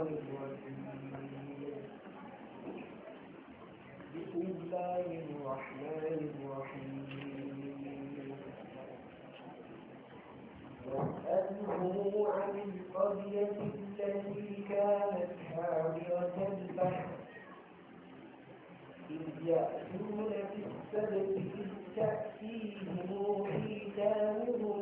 بسم الله الرحمن الرحيم عن القرية التي كانت البحر إذ يأتون في السبب إذ تأتيهم حيتانهم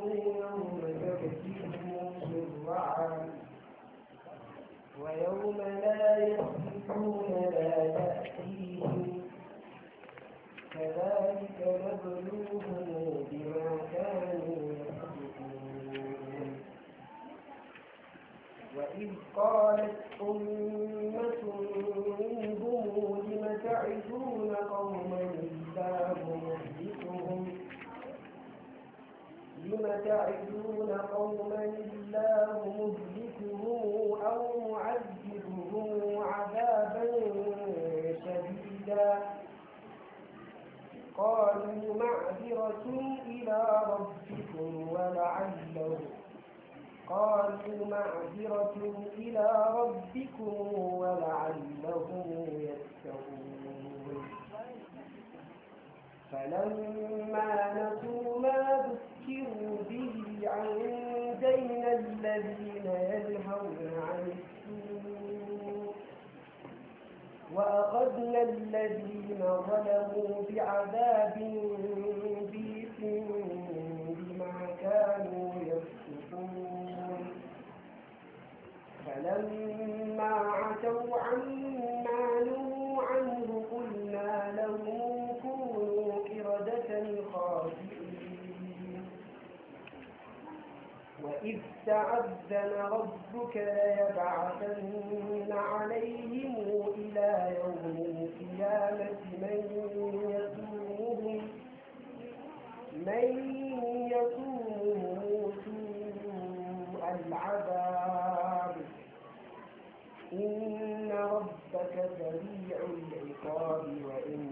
يوم لا يخلفون لا يأتيهم كذلك نبلوهم بما كانوا يخلفون وإذ قالت أمة منهم لم تعزون قوما الله مهلكهم لم تعزون قوما الله مهلكهم أو قالوا معذرة إلى ربكم ولعلهم قالوا معذرة إلى ربكم ولعلهم يتقون فلما نسوا ما ذكروا به عندنا الذين يلهون عن وأخذنا الذين ظلموا بعذاب بيس بما كانوا يفسقون فلما تأذن ربك ليبعثن عليهم إلى يوم القيامة من يسومهم من يسومهم سوء العذاب إن ربك سريع العقاب وإن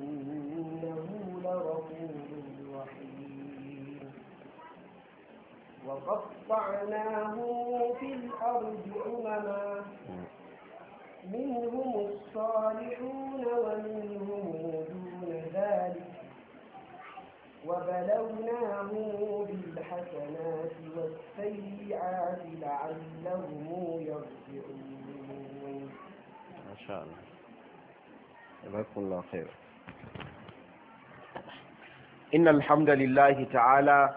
وقطعناهم في الأرض أمما منهم الصالحون ومنهم دون ذلك وبلوناه بالحسنات والسيئات لعلهم يرجعون ما شاء الله جزاكم الله خير إن الحمد لله تعالى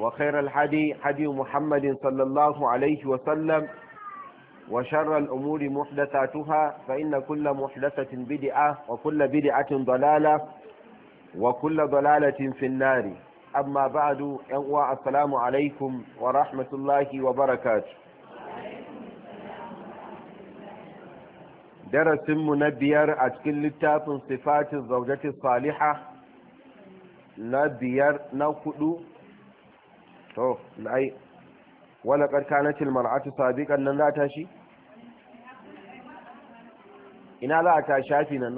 وخير الحدي حدي محمد صلى الله عليه وسلم وشر الأمور محدثاتها فإن كل محدثة بدعة وكل بدعة ضلالة وكل ضلالة في النار أما بعد أنواع السلام عليكم ورحمة الله وبركاته درس منبير أتكل لتاف صفات الزوجة الصالحة نبير نفدو to ai wala til mar'atu sabiqan nan za ta shi ina za a ta shafi nan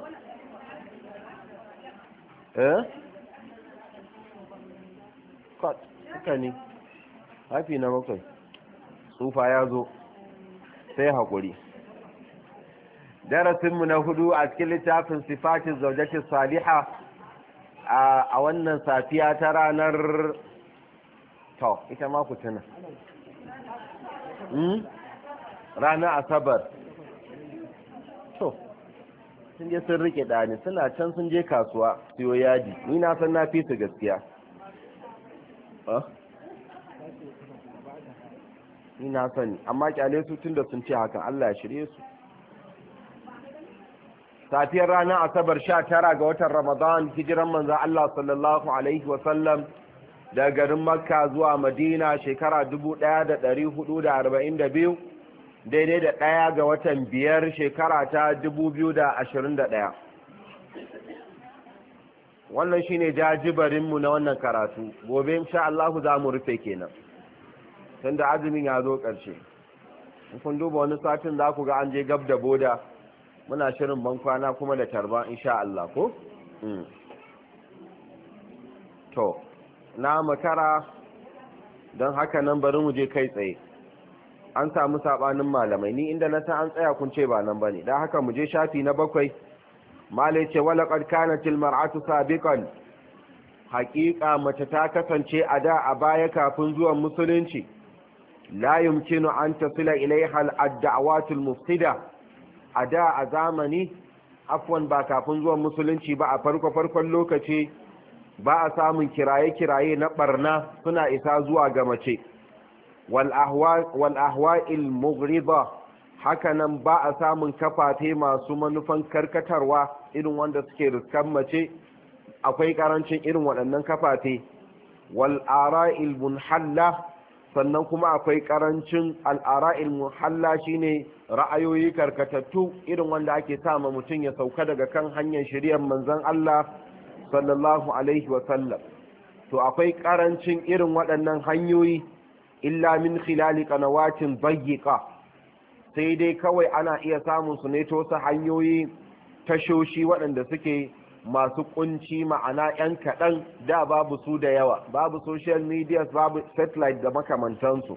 eh kat kani ne hafi na bakwai tsufa ya zo sai haƙuri darasinmu na hudu a cikin littafin sifatin zaujakin saliha a wannan safiya ta ranar to ita ma ku tuna hmm? ranar asabar to sun je sun rike ɗani suna can sun je kasuwa siyo yaji ni na san na fi su gaskiya ni na sani amma kyale su tun da sun ce hakan Allah ya shirye su safiyar ranar asabar sha tara ga watan ramadan hijiran manzan Allah sallallahu alaihi wasallam da garin makka zuwa madina shekara 1442 daidai da ɗaya ga watan biyar shekara ta 2021 wannan shine jajibarinmu na wannan karatu gobe insha Allah za mu rufe kenan da azumin ya zo ƙarshe kun duba wani satin za ku ga an je gab da boda muna shirin bankwana kuma da tarba insha Allah ko? Hmm. to na makara don haka nan bari mu je kai tsaye an samu sabanin malamai ni inda na san an tsaya kun ce ba nan ba ne. don haka mu je shafi na bakwai malai ce wala qad kanatil mar'atu sabiqan haqiqa mace ta kasance a da a baya kafin zuwan musulunci la yumkinu an tasila ilaiha al-da'awatul mufsida a da a zamani afwan ba kafin zuwan musulunci ba a farko farkon lokaci ba a samun kiraye-kiraye na barna suna isa zuwa ga mace wal'ahwa'il mughriba hakanan ba a samun kafafe masu manufan karkatarwa irin wanda suke riskan mace akwai karancin irin waɗannan kafafe wal'ara'il munhalla sannan kuma akwai karancin al'ara'il shi shine ra'ayoyi karkatattu irin wanda ake sama mutum ya sauka daga kan hanyar shirya manzon Allah sallallahu alaihi wasallam to akwai karancin irin waɗannan hanyoyi illa min khilali qanawatin bayyika sai dai kawai ana iya samun su ne ta wasu hanyoyi tashoshi waɗanda suke masu kunci ma'ana 'yan kaɗan da babu su da yawa babu social media babu satellite da makamantansu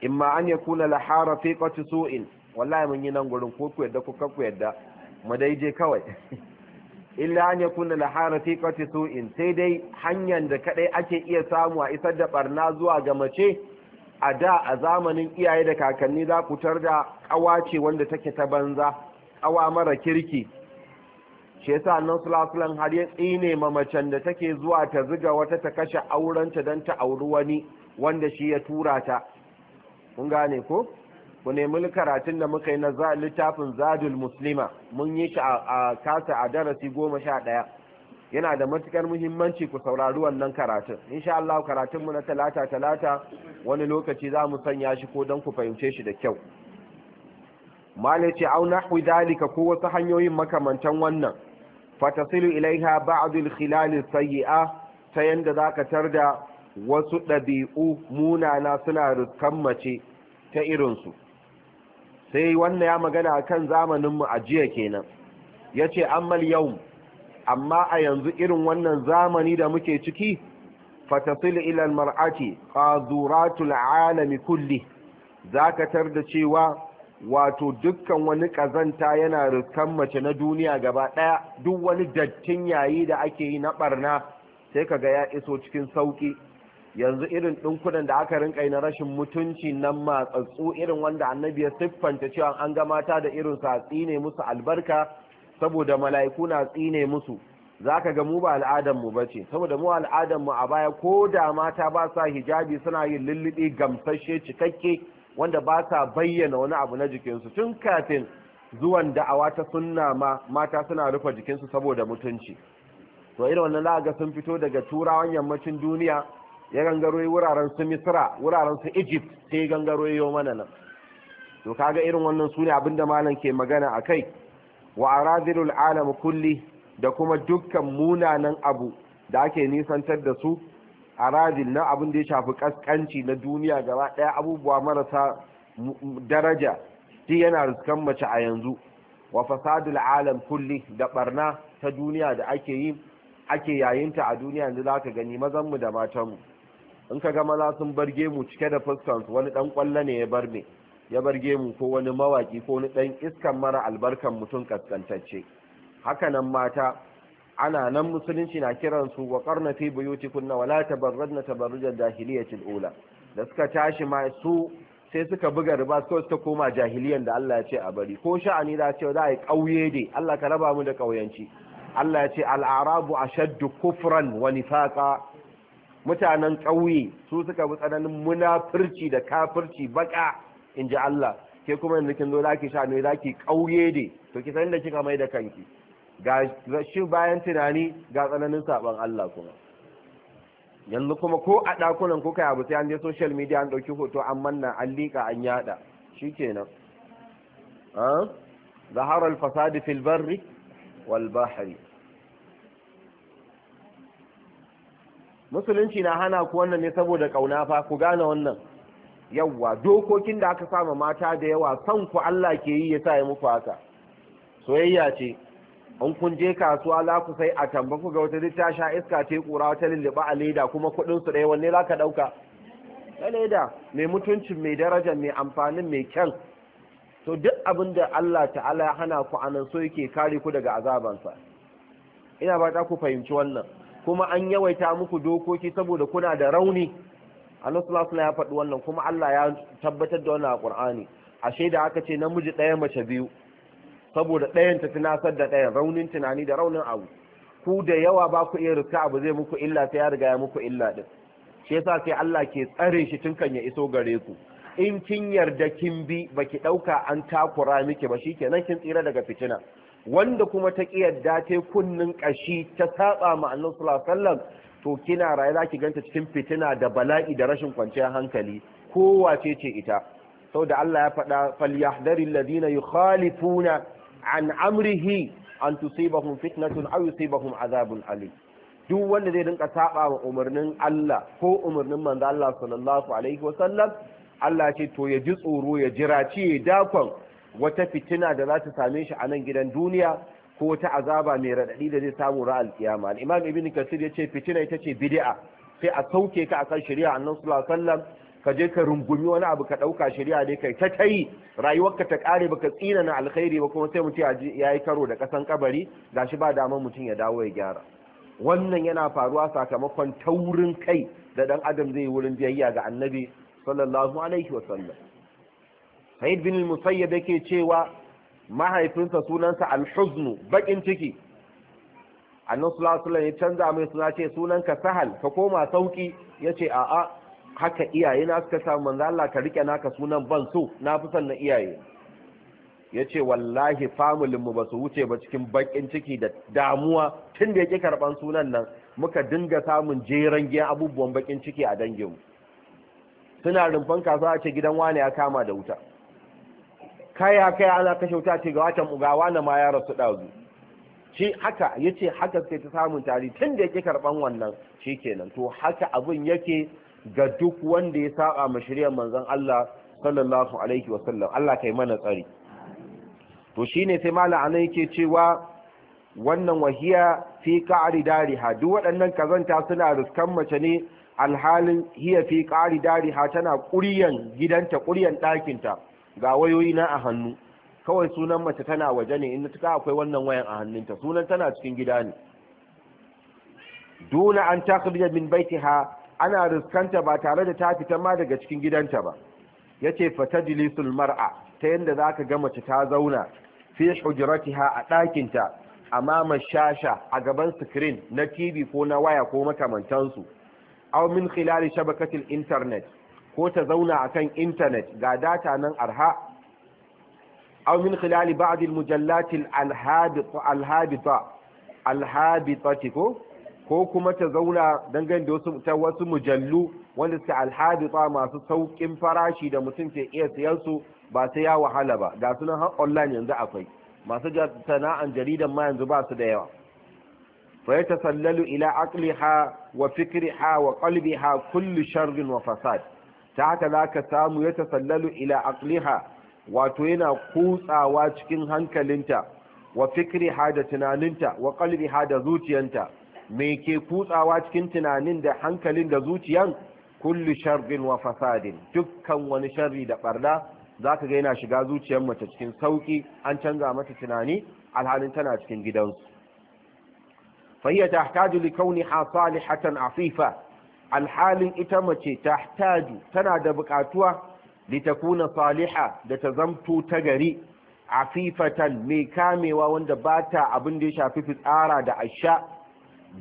imma an ya kuna lahara fi ƙwaci su'in wallahi mun yi nan gurin ko ku yadda kuka yadda mu dai je kawai illa an yakuna laha rafiqati su'in sai dai hanyar da kadai ake iya samu a isar da barna zuwa ga mace a da a zamanin iyaye da kakanni za ku tar da kawa ce wanda take ta banza kawa mara kirki shi yasa annan sulasulan har ya tsine ma macen da take zuwa ta zuga wata ta kashe aurenta don ta auri wani wanda shi ya tura ta kun gane ko ku nemi karatun da muka yi na littafin zadul muslima mun yi shi a kasa a darasi goma sha ɗaya yana da matukar muhimmanci ku saurari wannan karatun insha Allah karatun mu na talata talata wani lokaci za mu sanya shi ko don ku fahimce shi da kyau malaci ce au nahwi dalika ko wasu hanyoyin makamantan wannan fatasilu ilaiha ba'dul khilal sayyi'a ta yanda zaka tarda wasu ɗabi'u munana suna riskan mace ta irinsu sai wannan ya magana kan zamaninmu a jiya kenan ya yace ammal yau amma a yanzu irin wannan zamani da muke ciki fatasil ila a zuratul alami kulli tar da cewa wato dukkan wani kazanta yana riskan mace na duniya gaba ɗaya? duk wani dattin yayi da ake yi na ɓarna, sai ka ga ya iso cikin sauƙi. yanzu irin ɗinkunan da aka rinka yi na rashin mutunci nan matsatsu irin wanda annabi ya siffanta cewa an ga mata da irin sa tsine musu albarka saboda mala'iku na tsine musu zaka ga mu ba al'adar mu bace saboda mu al'adar mu a baya ko da mata ba sa hijabi suna yin lullubi gamsashe cikakke wanda ba sa bayyana wani abu na jikinsu tun kafin zuwan da'awa ta sunna ma mata suna rufe jikinsu saboda mutunci to irin wannan za sun fito daga turawan yammacin duniya ya gangaro wuraren su misra wuraren su egypt sai gangaro yau mana nan to kaga irin wannan abin abinda malam ke magana a kai wa aradilul alam kulli da kuma dukkan munanan abu da ake nisantar da su aradil na abin da ya shafi kaskanci na duniya gaba daya abubuwa marasa daraja shi yana riskan mace a yanzu wa fasadul alam kulli da barna ta duniya da ake yi ake yayinta a duniya yanzu za ka gani mazanmu da matanmu in ka ga maza sun bar gemu cike da fuskansu wani dan kwallo ne ya bar me ya bar gemu ko wani mawaki ko wani dan iskan mara albarkan mutum kaskantacce hakanan mata ana nan musulunci na kiransu wa karna fi buyutikunna wala tabarrajna tabarrujal jahiliyatil ula da suka tashi ma su sai suka buga riba kawai suka koma jahiliyan da Allah ya ce a bari ko sha'ani da ce za a yi ƙauye dai Allah ka raba mu da ƙauyanci Allah ya ce al'arabu ashaddu kufran wa nifaqa mutanen ƙauye su suka bi tsananin munafurci da kafirci baka in ji Allah ke kuma yanzu kin zo zaki sha ne zaki ƙauye de to ki san da kika mai da kanki ga shi bayan tunani ga tsananin saban Allah kuma yanzu kuma ko a ɗakunan ko kai abu sai an je social media an ɗauki hoto an manna an liƙa an yaɗa shikenan ah zahara fasadi fil barri wal bahri musulunci na hana ku wannan ne saboda kauna fa ku gane wannan yawwa dokokin da aka sama mata da yawa san ku Allah ke yi yasa ya muku haka soyayya ce in kun je kasuwa za ku sai a tamba ku ga wata ta sha iska ce kura wata lilliba a leda kuma kuɗin su dai wanne za ka ɗauka leda mai mutuncin mai daraja mai amfanin mai kyan to duk abin da Allah ta'ala ya hana ku anan so yake kare ku daga azabansa ina ba ta ku fahimci wannan kuma an yawaita muku dokoki saboda kuna da rauni Allah ya faɗi wannan kuma Allah ya tabbatar da wannan a Qur'ani ashe da aka ce namiji ɗaya mace biyu saboda ɗayan ta tunasar da ɗayan raunin tunani da raunin abu ku da yawa ba ku iya riska abu zai muku illa sai ya riga ya muku illa din shi yasa sai Allah ke tsare shi tun kan ya iso gare ku in kin yarda kin bi baki ɗauka an takura miki ba shikenan kin tsira daga fitina wanda kuma ta kiyarda ta kunnin ƙashi ta saba ma annabi sallallahu alaihi wasallam to kina raye zaki ganta cikin fitina da bala'i da rashin kwanciyar hankali kowa ce ce ita saboda Allah ya faɗa falyahdari alladhina yukhalifuna an amrihi an tusibahum fitnatun aw yusibahum azabun alim duk wanda zai dinka saba wa umarnin Allah ko umarnin manzo Allah sallallahu alaihi wasallam Allah ce to ya ji tsoro ya jira ci dakon wata fitina da za ta same shi a nan gidan duniya ko wata azaba mai raɗaɗi da zai samu ra alƙiyama. al-imam ibn kasir ya ce fitina ita ce bid'a sai a sauke ka akan shari'a annabi sallallahu alaihi wasallam ka je ka rungumi wani abu ka ɗauka shari'a ne kai ta kai rayuwarka ta ƙare baka tsina na alkhairi ba kuma sai mutum ya yi karo da ƙasan kabari gashi ba damar mutum ya dawo ya gyara wannan yana faruwa sakamakon taurin kai da ɗan adam zai yi wurin biyayya ga annabi sallallahu alaihi wa sa'id bin musayyab yake cewa mahaifinsa sunansa al-huzn bakin ciki annabi sallallahu alaihi ya canza mai suna ce sunanka sahal ka koma sauki yace a'a haka iyaye na suka samu manzo Allah ka rike naka sunan ban so na fi son na iyaye yace wallahi familin mu su wuce ba cikin bakin ciki da damuwa tun da yake karban sunan nan muka dinga samun jeran giyan abubuwan bakin ciki a dangin suna rumfan kasuwa ce gidan wane ya kama da wuta kaya kaya ana kashe wuta ce ga watan ugawa na ma ya rasu ɗazu shi haka ya ce haka sai ta samun tari tun da yake karɓan wannan shi kenan to haka abin yake ga duk wanda ya saba ma shirya manzan Allah sallallahu alaihi wa sallam Allah kai mana tsari to shi ne sai malam anan yake cewa wannan wahiya fi qa'ri dariha duk waɗannan kazanta suna riskan mace ne alhalin hiya fi dari dariha tana ƙuryan gidanta ƙuryan ɗakinta ga wayoyi na a hannu kawai sunan mace tana waje ne in ta akwai wannan wayan a hannunta sunan tana cikin gida ne duna an takhruja min baitiha ana riskanta ba tare da ta fita ma daga cikin gidanta ba yace fatajlisul mar'a ta yadda zaka ga mace ta zauna fi hujratiha a ɗakinta amama shasha a gaban screen na TV ko na waya ko makamantansu au min khilali shabakatil internet ko ta zauna akan intanet ga data nan arha aw min khilali ba'd al-mujallat al-habita al-habita ko ko kuma ta zauna dangane da wasu ta wasu mujallu wanda suke alhabita masu saukin farashi da mutum ke iya siyan su ba sai ya wahala ba ga sunan har online yanzu akwai masu sana'an jaridan ma yanzu ba su da yawa fa ya tasallalu ila aqliha wa fikriha wa qalbiha kullu sharrin wa fasad ta haka za ka samu ya tasallalu ila akliha wato yana kutsawa cikin hankalinta wa fikriha da tunaninta wa qalbiha da zuciyanta me ke kutsawa cikin tunanin da hankalin da zuciyan kullu sharrin wa fasadin dukkan wani sharri da barna zaka ga yana shiga zuciyar mace cikin sauki an canza mata tunani alhalin tana cikin gidansu fahiya tahtaju li ha salihatan afifa alhalin ita mace tahtaju tana da buƙatuwa litakuna saliha da ta zamto ta gari afifatan mai kamewa wanda ba ta abin da ya shafi fitsara da asha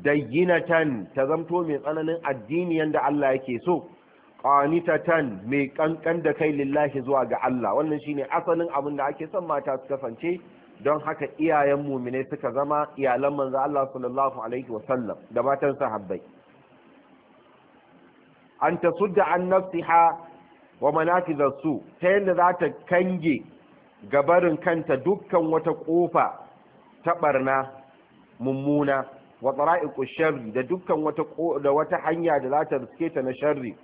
dayyinatan ta zamto mai tsananin addini yanda Allah yake so qanitatan mai kankan da kai lillahi zuwa ga Allah wannan shine asalin abin da ake son mata su kasance don haka iyayen muminai suka zama iyalan manzo Allah sallallahu alaihi wasallam da matan sahabbai an ta sudda an nafsiha wa manafizar su ta yadda za ta kange gabarin kanta dukkan wata ƙofa ta ɓarna mummuna wa tsara'iku sharri da dukkan wata da wata hanya da za ta riske ta na sharri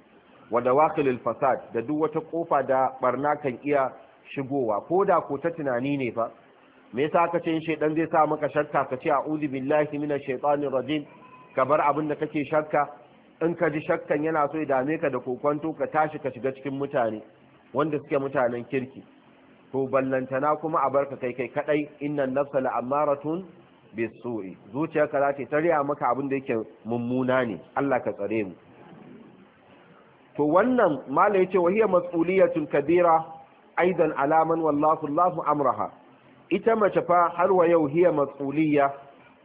wa dawakilil fasad da duk wata ƙofa da ɓarna kan iya shigowa ko da ko ta tunani ne fa me yasa ka ce shaidan zai sa maka shakka ka ce a'udhu billahi minash shaitanir rajim ka bar abin da kake shakka in ka ji shakkan yana so ya dame ka da kokwanto ka tashi ka shiga cikin mutane wanda suke mutanen kirki to ballantana kuma a barka kai kai kadai innan nafsa la'amaratun bisu'i zuciyarka za ta tare maka abin da yake mummuna ne Allah ka tsare mu to wannan mala yace wa hiya mas'uliyatun kabira aidan alaman wallahu Allahu amraha ita mace fa har wa yau hiya mas'uliyya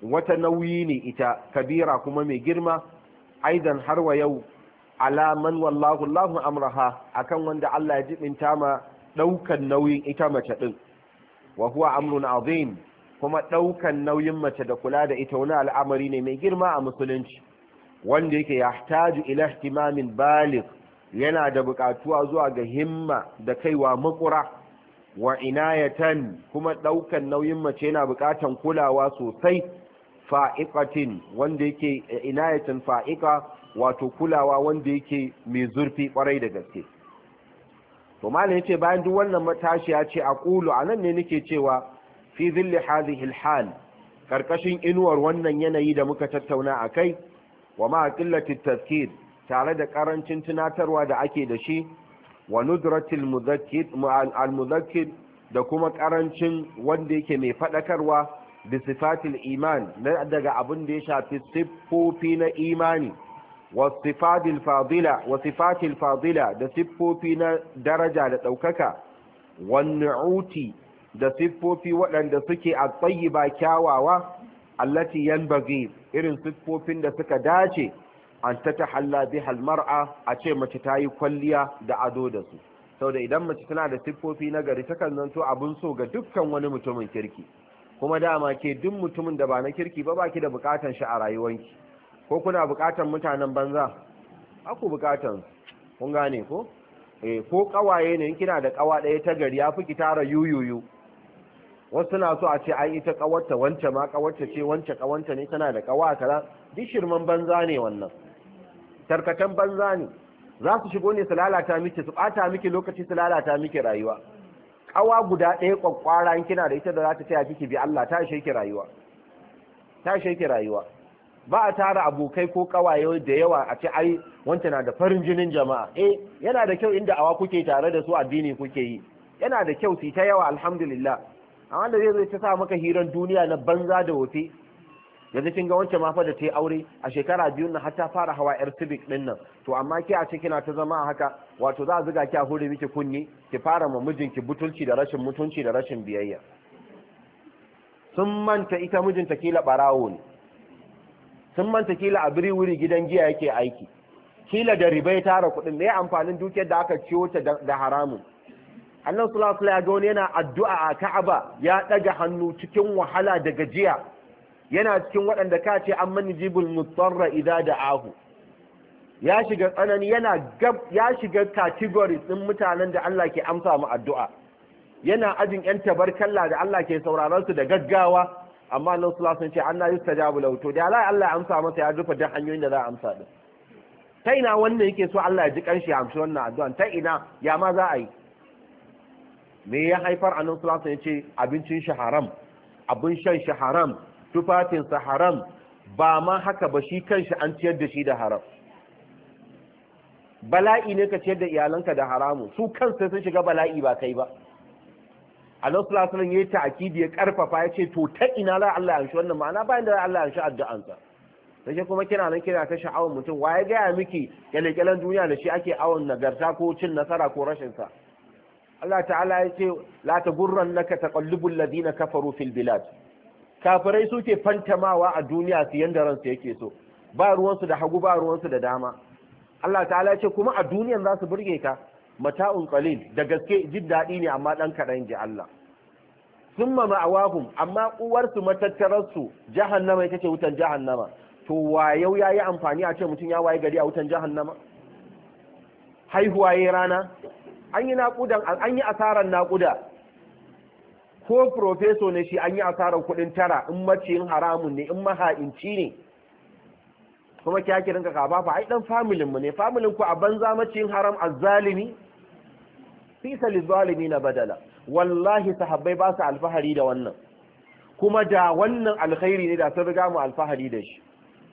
wata nauyi ne ita kabira kuma mai girma aidan har wa yau alaman wallahu Allahu amraha akan wanda Allah ya jibinta ma daukan nauyin ita mace din wa huwa amrun azim kuma daukan nauyin mace da kula da ita wani al'amari ne mai girma a musulunci wanda yake yahtaju ila ihtimamin baligh yana da bukatuwa zuwa ga himma da kaiwa makura wa inayatan kuma daukan nauyin mace yana bukatan kulawa sosai fa’iƙatin wanda yake eh, inayatin fa’iƙa wato kulawa wanda yake mai zurfi kwarai da gaske to ma yace bayan duk wannan matashi ya ce a a anan ne nake cewa fi zilli hazi alhal ƙarƙashin inuwar wannan yanayi da muka tattauna a kai wa ma qillati tare da ƙarancin tunatarwa da ake da shi wa nudratil mudakkir da kuma ƙarancin wanda yake mai faɗakarwa bi sifatil iman na daga abin da ya shafi siffofi na imani wasifatil sifatil fadila da siffofi na daraja da ɗaukaka wa da siffofi waɗanda suke a tsayiba kyawawa allati yanbaghi irin siffofin da suka dace an ta tahalla biha almar'a a ce mace ta yi kwalliya da ado da su saboda idan mace tana da siffofi na gari takan zanto abin so ga dukkan wani mutumin kirki kuma dama ke duk mutumin da ba na kirki ba baki da bukatan shi a rayuwanki ko kuna bukatan mutanen banza aku bukatan kun gane ko eh ko kawaye ne kina da kawa daya ta gari yafi ki tara yuyuyu wasu na so a ce ai ita kawarta wance ma kawarta ce wance kawanta ne tana da kawa kaza duk shirman banza ne wannan tarkatan banza ne za su shigo ne su lalata miki su bata miki lokaci su lalata miki rayuwa Ƙawa guda ɗaya kwakwara in kina da ita da za ta taya kiki bi Allah ta ishe rayuwa ba a tara abokai ko kawaye da yawa a ce ai wancan na da farin jinin jama'a eh yana da kyau inda awa kuke tare da su addini kuke yi yana da kyau su ta yawa alhamdulillah amma da zai zai ta sa maka hiran duniya na banza da wofi yanzu kin ga wancan mafa da ta yi aure a shekara biyu na, har ta fara hawa yar civic din nan to amma ki a kina ta zama a haka wato za a zuga ki a hore miki kunni ki fara ma mijinki butulci da rashin mutunci da rashin biyayya sun manta ita mijinta kila barawo ne sun manta kila a biri wuri gidan giya yake aiki kila da ribai tara kuɗin ya amfanin dukiyar da aka ciwo ta da haramun annan sulasula ya ga wani yana addu'a a ka'aba ya ɗaga hannu cikin wahala da gajiya yana cikin waɗanda ka ce an mani jibul mutsarra da ahu. ya shiga tsanani yana gab ya shiga categories din mutanen da Allah ke amsa mu addu'a yana ajin yan tabarkalla da Allah ke sauraron su da gaggawa amma nan sula sun ce Allah yustajabu lahu to da Allah Allah amsa masa ya dufa duk hanyoyin da za a amsa din ta ina wannan yake so Allah ya ji kanshi ya amshi wannan addu'an ta ina ya ma za a yi me ya haifar a alaihi wasallam ya ce abincin shi haram abin shan shi haram tufafinsa haram ba ma haka ba shi kanshi an ciyar da shi da haram bala'i ne ka ciyar da iyalanka da haramu su kansu sun shiga bala'i ba kai ba Allah sallallahu alaihi wasallam ya ta'kidi ya karfafa ya ce to ta ina la Allah ya shi wannan ma'ana bayan da Allah ya shi addu'ansa sai kuma kina nan kina ta sha'awar mutum wa ya gaya miki kyalekyalen duniya da shi ake awon nagarta ko cin nasara ko rashin sa Allah ta'ala ya ce la ta taqallubul ladina kafaru fil bilad kafirai suke fantamawa a duniya su yanda ransu yake so ba ruwansu da hagu ba ruwansu da dama Allah ta'ala ya ce kuma a duniyan za su burge ka mata'un qalil da gaske jin daɗi ne amma dan kaɗan ji Allah summa ma'awahum amma uwarsu matattararsu jahannama ita ce wutan jahannama to wayau ya amfani a ce mutum ya waye gari a wutan jahannama haihuwa ya rana an yi naƙudan an yi asaran naƙuda ko profeso ne shi an yi asarar kuɗin tara in maciyin haramun ne in maha'inci ne kuma kya ki ka kaba fa ai dan familin mu ne familin ku a banza maciyin haram azzalimi fi salizalimi na badala wallahi sahabbai ba su alfahari da wannan kuma da wannan alkhairi ne da sun riga mu alfahari da shi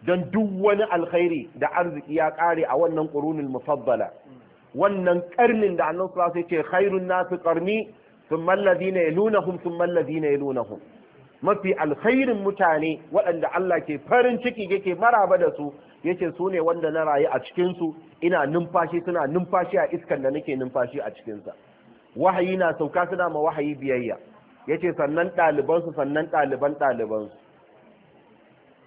don duk wani alkhairi da arziki ya kare a wannan qurunul mufaddala wannan karnin da annabi sallallahu alaihi wasallam ya ce khairun nasu qarni thumma alladhina yalunahum ya nuna yalunahum mafi alkhairin mutane waɗanda Allah ke farin ciki yake maraba da su yace su ne wanda na rayu a cikin su ina numfashi suna numfashi a iskan da nake numfashi a cikin sa wahayi na sauka suna ma wahayi biyayya yace sannan ɗaliban su sannan ɗaliban ɗaliban su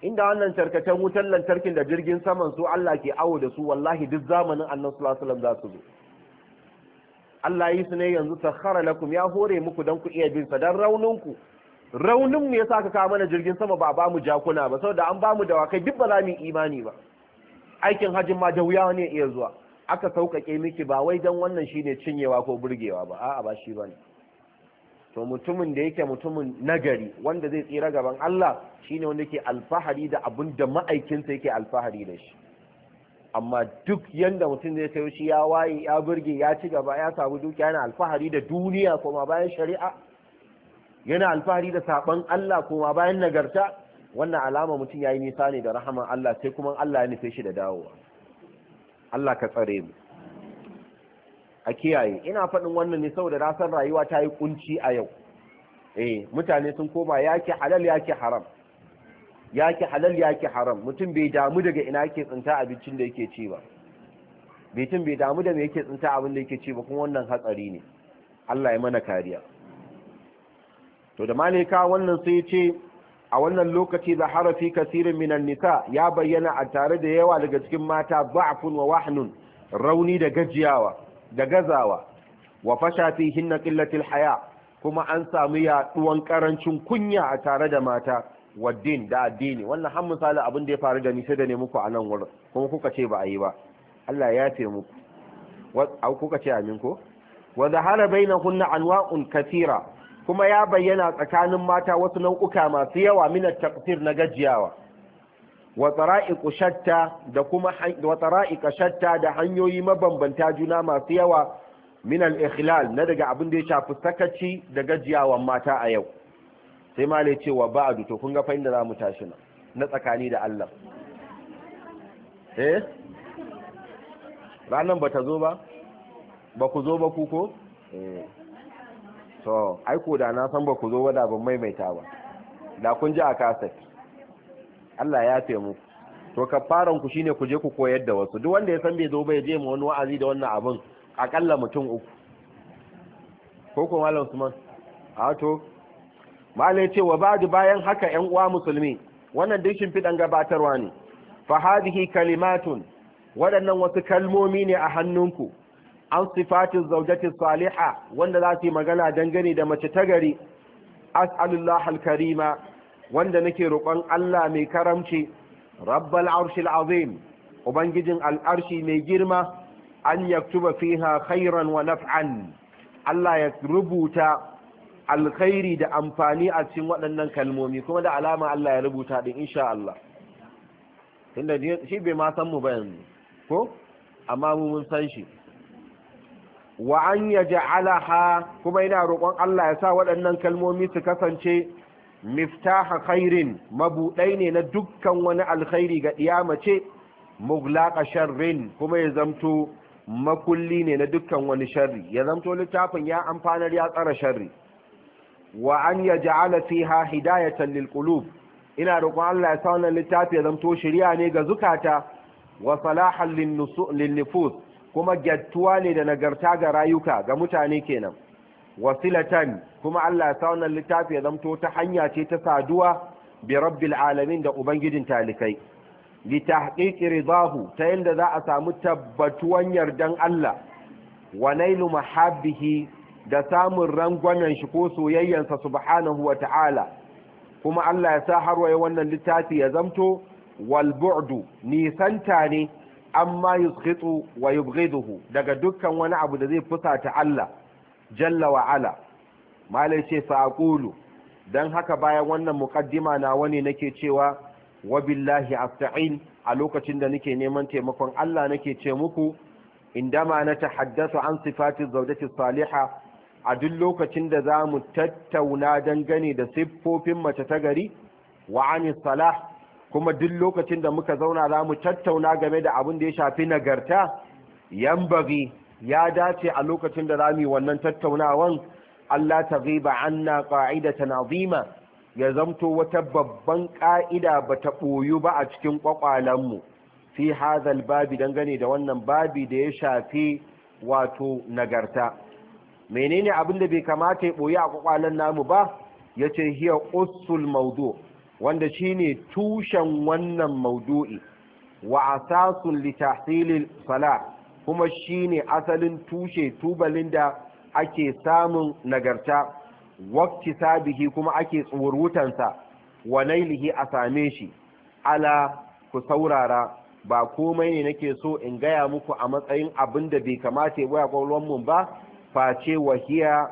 inda wannan tarkacen wutar lantarkin da jirgin saman su Allah ke awo da su wallahi duk zamanin annabi sallallahu alaihi wasallam za su zo Allah yi su ne yanzu sakhara lakum ya hore muku dan ku iya bin sa dan raunin ku raunin mu yasa ka kawo mana jirgin sama ba ba mu jakuna ba saboda an ba mu wakai duk ba za mu imani ba aikin hajjin ma da wuya ne iya zuwa aka sauƙaƙe miki ba wai dan wannan shine cinyewa ko burgewa ba a'a ba shi bane to mutumin da yake mutumin nagari wanda zai tsira gaban Allah shine wanda yake alfahari da abun da ma'aikinsa yake alfahari da shi amma duk yanda mutum zai sayo shi ya waye ya burge ya ci gaba ya sabu dukiya yana alfahari da duniya kuma bayan shari'a yana alfahari da saban Allah kuma bayan nagarta wannan alama mutum yayi nisa ne da rahaman Allah sai kuma Allah ya nufe shi da dawowa Allah ka tsare mu a kiyaye ina faɗin wannan ne saboda rasar rayuwa ta yi kunci a yau eh mutane sun koma yake halal yake haram ya ki halal ya ki haram mutum bai damu daga ina yake tsinta abincin da yake ci ba mutum bai damu da me yake tsinta abin da yake ci ba kuma wannan hatsari ne Allah ya mana kariya to da malika wannan sai ya ce a wannan lokaci da harafi kasirin minan nisa ya bayyana a tare da yawa daga cikin mata ba'fun wa wahnun rauni da gajiyawa da gazawa wa fasha fi hinna qillatil haya kuma an samu yaduwan karancin kunya a tare da mata waddin da addini wannan har misali abin da ya faru da ni sai da ne muku a nan wurin kuma kuka ce ba a yi ba Allah ya ce muku au kuka ce amin ko wa zahara bainahunna anwa'un kathira kuma ya bayyana tsakanin mata wasu nau'uka masu yawa min at na gajiyawa wa tara'iq shatta da kuma wa tara'iq shatta da hanyoyi mabambanta juna masu yawa min al-ikhlal na daga abin da ya shafi sakaci da gajiyawan mata a yau sai malai cewa ba'adu to kun ga fa za mu tashi na na tsakani da Allah eh ba ta zo ba ba ku zo ba ku ko eh to aiko da na san ba ku zo ba da ban maimaita ba da kun ji a kaset Allah ya fe mu to kafaran ku shine ku je ku koyar da wasu duk wanda ya san bai zo bai je mu wani wa'azi da wannan abin akalla mutum uku ko ko malam Usman a to malai ce wa bayan haka yan uwa musulmi wannan duk shimfiɗan gabatarwa ne fa hadhihi kalimatun waɗannan wasu kalmomi ne a hannunku an sifatin zaujatin saliha wanda za su yi magana dangane da mace ta gari as'alullah alkarima wanda nake roƙon Allah mai karamci rabbal arshil azim ubangijin al'arshi mai girma an yaktuba fiha khairan wa naf'an Allah ya rubuta alkhairi da amfani a cikin waɗannan kalmomi kuma da alama Allah ya rubuta din insha Allah tunda shi bai ma san mu ba yanzu ko amma mu mun san shi wa an yaj'alaha kuma ina roƙon Allah ya sa waɗannan kalmomi su kasance miftaha khairin mabudai ne na dukkan wani alkhairi ga mace muglaqa sharrin kuma ya zamto makulli ne na dukkan wani sharri ya zamto littafin ya amfanar ya tsara sharri wa an ya yaj'ala fiha hidayatan lil qulub ina roƙon Allah ya sa wannan littafi ya zamto shari'a ne ga zukata wa salahan lin kuma gyattuwa ne da nagarta ga rayuka ga mutane kenan wasilatan kuma Allah ya sa wannan littafi ya zamto ta hanya ce ta saduwa bi rabbil alamin da ubangijin talikai li tahqiqi ridahu ta yanda za a samu tabbatuwan yardan Allah wa nailu mahabbihi da samun rangwamen shi ko soyayyansa subhanahu wa ta'ala kuma Allah ya sa waye wannan littafi ya zamto walbu'du nisanta ne amma yusghitu wa yubghiduhu daga dukkan wani abu da zai fusata Allah jalla wa ala malai ce aqulu dan haka bayan wannan muqaddima na wani nake cewa wa billahi asta'in a lokacin da nake neman taimakon Allah nake ce muku indama na tahaddasa an sifati zawjati salihah a duk lokacin da za mu tattauna dangane da siffofin mace ta gari wa salah kuma duk lokacin da muka zauna za mu tattauna game da abin da ya shafi nagarta yambagi ya dace a lokacin da za mu yi wannan tattaunawan Allah ta na ƙa'ida qa'idatan zima ya zamto wata babban ƙa'ida ba ta ɓoyu ba a cikin ƙwaƙwalanmu fi hazal babi dangane da wannan babi da ya shafi wato nagarta menene abin da bai kamata ya boye a kwakwalen namu ba ya ce hiya usul mawdu wanda shine tushen wannan mawdu'i wa asasun li tahsilil salah kuma shine asalin tushe tubalin da ake samun nagarta wakti sabihi kuma ake tsurutansa wa nailihi a same shi ala ku saurara ba komai ne nake so in gaya muku a matsayin abin da bai kamata ya kwallon mu ba face wahiya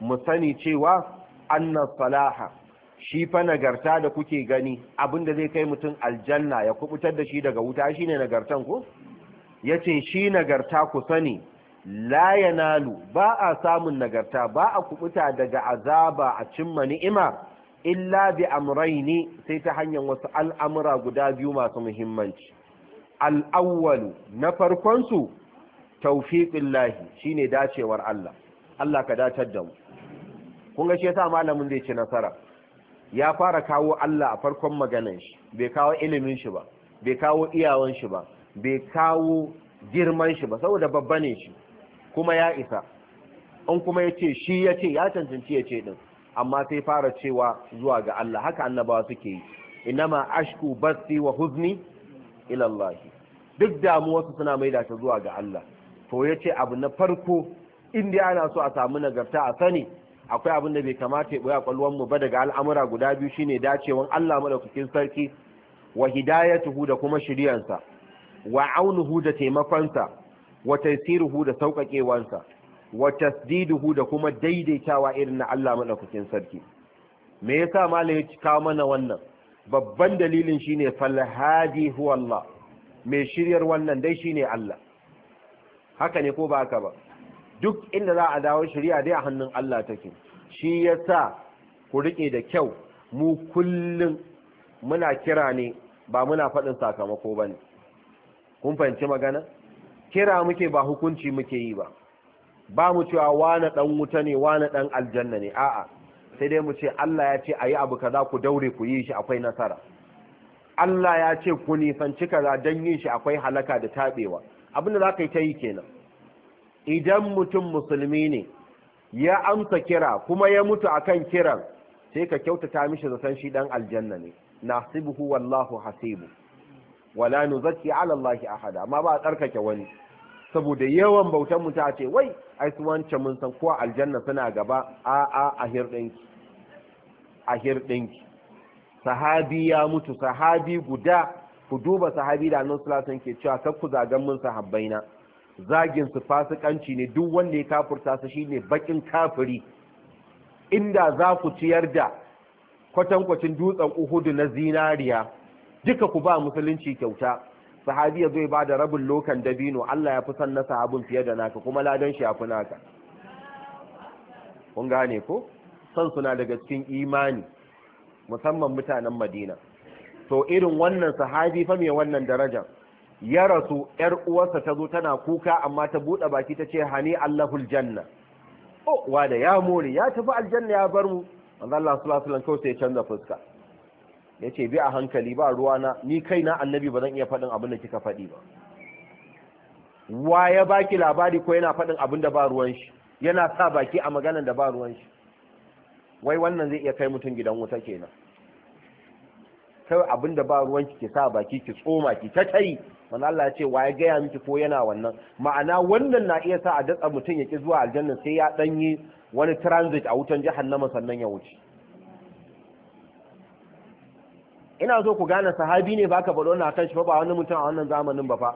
mu sani cewa annas salaha shi fa nagarta da kuke gani abinda zai kai mutum aljanna ya kubutar da shi daga wuta shine nagartan ku yace shi nagarta ku sani la yanalu ba a samun nagarta ba a kubuta daga azaba a cimma ni'ima illa bi amraini sai ta hanyar wasu al'amura guda biyu masu muhimmanci al'awwalu na farkon su tawfiqin lahi shine dacewar Allah Allah ka dacar da mu kun ga shi yasa malamin zai ci nasara ya fara kawo Allah a farkon maganar shi bai kawo ilimin shi ba bai kawo iyawan shi ba bai kawo girman shi ba saboda babba ne shi kuma ya isa in kuma ya ce shi ya ce ya cancanci ya ce din amma sai fara cewa zuwa ga Allah haka annabawa suke yi inama ashku basti wa huzni ila Allah duk wasu suna maida ta zuwa ga Allah to ya ce abu na farko inda ana so a samu nagarta a sani akwai abin da bai kamata ya ɓoya ƙwallon mu ba daga al'amura guda biyu shine dacewan Allah madaukakin sarki wa hidayatuhu da kuma shiriyansa wa aunuhu da taimakonsa wa tasiruhu da sauƙaƙewansa wa tasdiduhu da kuma daidaitawa irin na Allah madaukakin sarki me yasa malai ya cika mana wannan babban dalilin shine fal hadi huwa mai shiryar wannan dai shine Allah haka ne ko ba haka ba duk inda za a dawo shari'a dai a hannun Allah take shi yasa ku rike da kyau mu kullun muna kira ne ba muna faɗin sakamako ba ne kun fahimci magana kira muke ba hukunci muke yi ba ba mu cewa wani dan wuta ne wani dan aljanna ne a'a sai dai mu ce Allah ya ce a abu kaza ku daure ku yi shi akwai nasara Allah ya ce ku nisanci kaza don yin shi akwai halaka da tabewa. abinda za ka yi ta yi kenan idan mutum musulmi ne ya amsa kira kuma ya mutu akan kiran sai ka ta mishi zaton shi dan aljanna ne Na buhu, wallahu hasibu wala zaki ala a ahada amma ba a tsarkake wani saboda yawan bautan mu ta ce wai ai su wancan mun san ko aljanna suna gaba a a ahir dinki sahabi ya mutu sahabi guda ku duba sahabi da annabi sallallahu alaihi wasallam ke cewa kar ku zagan mun sahabbaina zagin su fasikanci ne duk wanda ya kafurta su shine bakin kafiri inda za ku ciyar da kwatankwacin dutsen Uhudu na zinariya duka ku ba musulunci kyauta sahabi ya zai ba da rabin lokan dabino Allah ya fi san na sahabin fiye da naka kuma ladan shi ya fi naka kun gane ko san suna daga cikin imani musamman mutanen Madina to irin wannan sahabi fa mai wannan daraja ya rasu yar uwarsa ta zo tana kuka amma ta bude baki ta ce hani allahul janna oh wa da ya more ya tafi aljanna ya bar mu manzo Allah sallallahu alaihi wasallam sai ya canza fuska yace bi a hankali ba ruwana ni kaina annabi ba zan iya faɗin abin da kika faɗi ba wa ya baki labari ko yana faɗin abin da ba ruwan shi yana sa baki a maganar da ba ruwan shi wai wannan zai iya kai mutum gidan wuta kenan kawai abin da ba ruwanki ki sa baki ki tsoma ki ta tai manzo Allah ya ce wa ya gaya miki ko yana wannan ma'ana wannan na iya sa a datsa mutum ya ki zuwa aljanna sai ya danyi wani transit a wutan jahannama sannan ya wuce ina so ku gane sahabi ne baka bado na kan shi ba wani mutum a wannan zamanin ba fa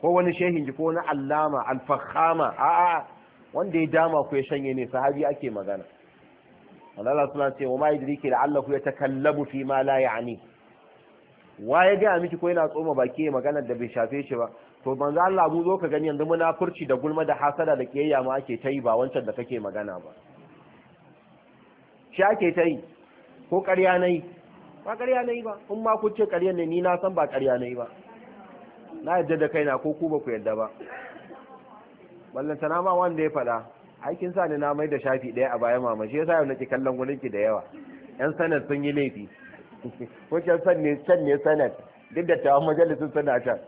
ko wani shehin ji ko wani allama alfakhama a a wanda ya dama ku ya shanye ne sahabi ake magana Allah suna ce wa da Allah yadriki ya yatakallamu fi ma la ya'ni wa ya gaya miki ko yana tsoma baki magana da bai shafe shi ba to banza Allah mu zo ka gani yanzu muna furci da gulma da hasada da kiyayya ma ake ta ba wancan da kake magana ba shi ake ta ko ƙarya na ba ƙarya na ba in ma ku ce ƙaryan ne ni na san ba ƙarya na yi ba na yadda da kaina ko ku ba ku yadda ba ballanta na ma wanda ya faɗa aikin sa ni na mai da shafi ɗaya a baya mama yasa yau nake kallon gurin ki da yawa yan sanar sun yi laifi ko can san ne can ne sanad duk da tawa majalisun suna can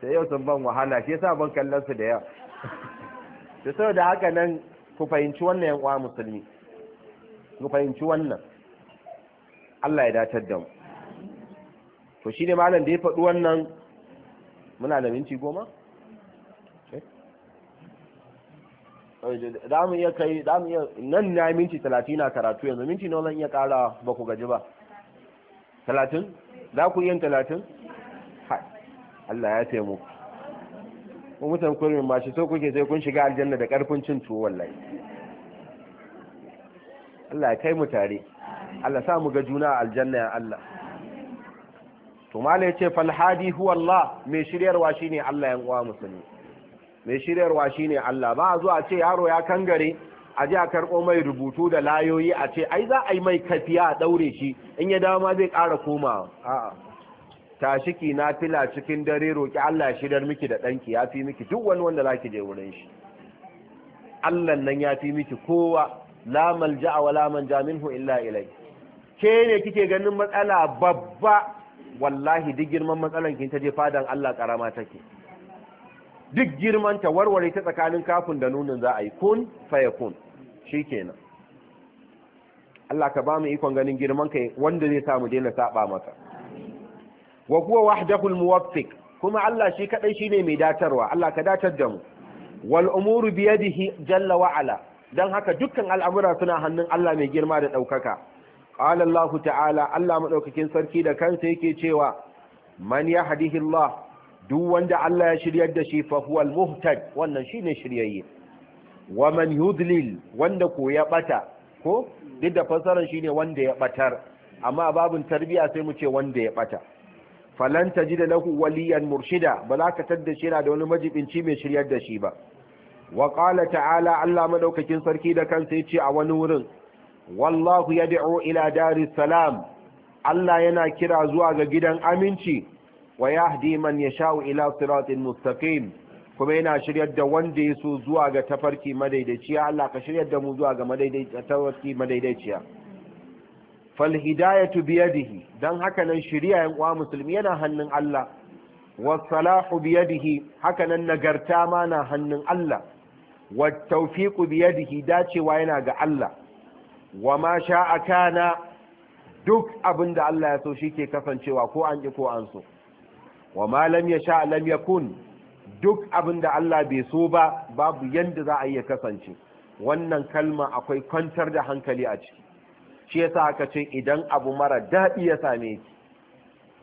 sai yau sun ban wahala shi yasa ban kallon su da yawa da saboda haka nan ku fahimci wannan yan uwa musulmi ku fahimci wannan Allah ya datar da mu to shi ne malam da ya faɗi wannan muna da minti goma eh? za mu iya kai za mu iya nan na minti talatin na karatu yanzu minti nawa zan iya ƙara ba ku gaji ba talatin za ku yin talatin Allah ya mu ku mutan ko ba shi so kuke sai kun shiga aljanna da karfin cin tuwo wallahi Allah ya kai mu tare Allah sa mu ga juna a aljanna ya Allah to mala yace fal hadi huwa Allah mai shiryarwa shine Allah yan uwa musulmi mai shiryarwa shine Allah ba zuwa ce yaro ya kangare a ji a karɓo mai rubutu da layoyi a ce ai za a yi mai kafiya a ɗaure shi in ya dama zai ƙara koma a'a tashi ki na fila cikin dare roƙi Allah dar miki da ɗanki ya fi miki duk wani wanda zaki je wurin shi Allah nan ya fi miki kowa la malja'a wa la manja minhu illa ilai ke ne kike ganin matsala babba wallahi duk girman matsalan ki ta je fadan Allah karama take duk girman ta warware ta tsakanin kafin da nunin za a yi kun faya kun Shi shikenan Allah ka ba mu ikon ganin girman kai wanda zai samu daina saba maka wa huwa wahdahul muwaffiq kuma Allah shi kadai shine mai datarwa Allah ka datar da mu wal umuru bi yadihi jalla wa ala dan haka dukkan al'amura suna hannun Allah mai girma da ɗaukaka. qala ta'ala Allah maɗaukakin sarki da kansa yake cewa man yahdihi Allah duk wanda Allah ya shiryar da shi fa huwal muhtad wannan shine shiryayye wa man yudlil wanda ko ya bata ko duk da fasarar shine wanda ya batar amma babun tarbiya sai mu ce wanda ya bata falan da lahu waliyan murshida ba za ka tadda yana da wani majibinci mai shiryar da shi ba wa qala ta'ala Allah madaukakin sarki da kansa yace a wani wurin wallahu yad'u ila daris salam Allah yana kira zuwa ga gidan aminci wa yahdi man yasha'u ila siratin mustaqim kuma yana shiryar da wanda ya so zuwa ga tafarki madaidaiciya Allah ka shiryar da mu zuwa ga tafarki madaidaiciya fal hidayatu biyadihi dan haka nan shiriya yan uwa musulmi yana hannun Allah was salahu biyadihi haka nan nagarta ma na hannun Allah wat tawfiqu biyadihi dacewa yana ga Allah wa ma sha'a kana duk abinda Allah ya so shike kasancewa ko an ki ko an so wa ma lam yasha lam yakun duk abin da Allah bai so ba babu yadda za a iya kasance wannan kalma akwai kwantar da hankali a ciki shi yasa aka ce idan abu mara daɗi ya same ki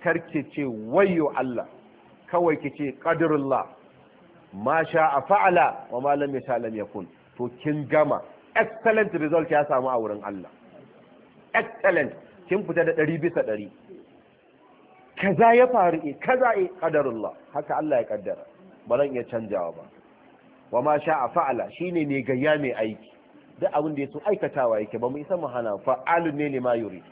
karki ce wayo Allah kawai ki ce qadarullah ma a fa'ala wa ma lam yasha lam yakun to kin gama excellent result ya samu a wurin Allah excellent kin fita da ɗari bisa ɗari kaza ya faru eh, kaza e qadarullah haka Allah ya kaddara ba zan iya canjawa ba wa ma sha a fa'ala shine mai gayya mai aiki duk abin da ya so aikatawa yake ba mu isa mu hana fa'alun ne ma yuri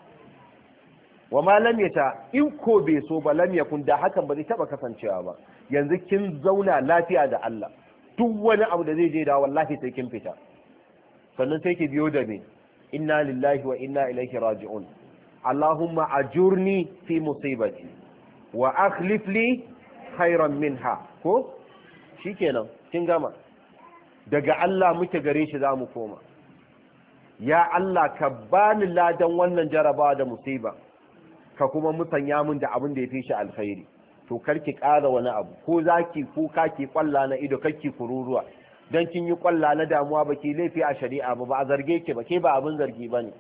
wa ma lam yata in ko bai so ba lam yakun da hakan ba zai taba kasancewa ba yanzu kin zauna lafiya da Allah duk wani abu da zai je da wallahi sai kin fita sannan sai ki biyo da ni. inna lillahi wa inna ilaihi raji'un allahumma ajurni fi musibati wa akhlif li min minha ko shikenan kin gama daga Allah muke gare shi za mu koma ya Allah ka bani ladan wannan jarabawa da musiba ka kuma musanya min da abin da ya fi shi alkhairi to karki ƙara wani abu ko zaki ko ki kwalla na ido karki kururuwa dan kin yi kwalla na damuwa ba ki laifi a shari'a ba ba a zarge ki ba ke ba abin zargi ba ne.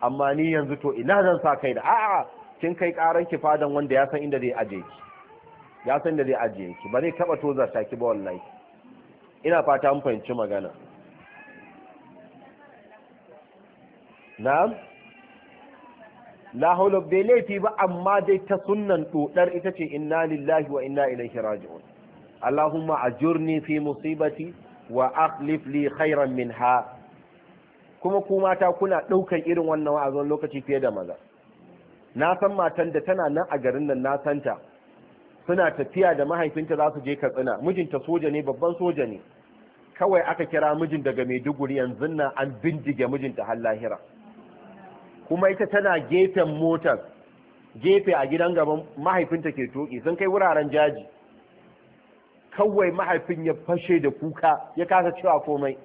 amma ni yanzu to ina zan sa kai da a'a kin kai ƙaran ki fadan wanda ya san inda zai aje ki ya san da zai ajiye ki ba zai taba tozarta ki ba wallahi ina fata an fahimci magana na'am la haula bai laifi ba amma dai ta sunnan dodar ita ce inna lillahi wa inna ilaihi raji'un allahumma ajurni fi musibati wa akhlif li khairan minha kuma ku mata kuna ɗaukar irin wannan wa'azin lokaci fiye da maza na san matan da tana nan a garin nan na santa suna tafiya da mahaifinta za su je katsina mijinta soja ne babban soja ne kawai aka kira mijin daga maiduguri yanzu nan an bindige mijinta har lahira kuma ita tana gefen motar gefe a gidan gaban mahaifinta ke toki sun kai wuraren jaji kawai mahaifin ya fashe da kuka ya kasa cewa komai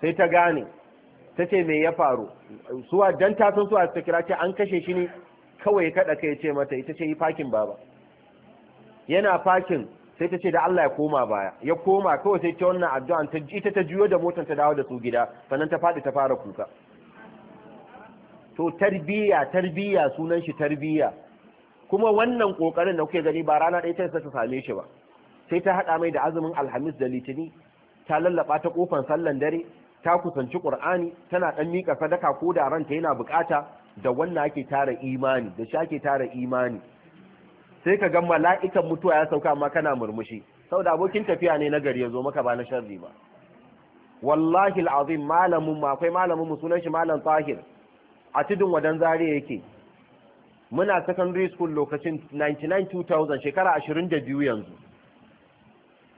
sai ta gane ta ce me ya faru suwa dan ta san suwa ta kira ce an kashe shi ne kawai kada kai ce mata ita ce yi fakin baba yana fakin sai ta ce da Allah ya koma baya ya koma kawai sai ta wannan addu'an ta ita ta juyo da motar ta dawo da su gida sannan ta faɗi ta fara kuka to tarbiya tarbiya sunan shi tarbiya kuma wannan kokarin da kuke gani ba rana ɗaya ta ta same shi ba sai ta haɗa mai da azumin alhamis da litini ta lallaba ta kofan sallan dare ta kusanci qur'ani tana dan mika sadaka ko da ranta yana bukata da wannan ake tara imani da shi ake tara imani sai ka ga mala'ikan mutuwa ya sauka amma kana murmushi saboda abokin tafiya ne na gari ya zo maka ba na sharri ba wallahi alazim malamin ma akwai malamin mu shi malam tahir a tudun wadan zariya yake muna secondary school lokacin 99 2000 shekara 22 yanzu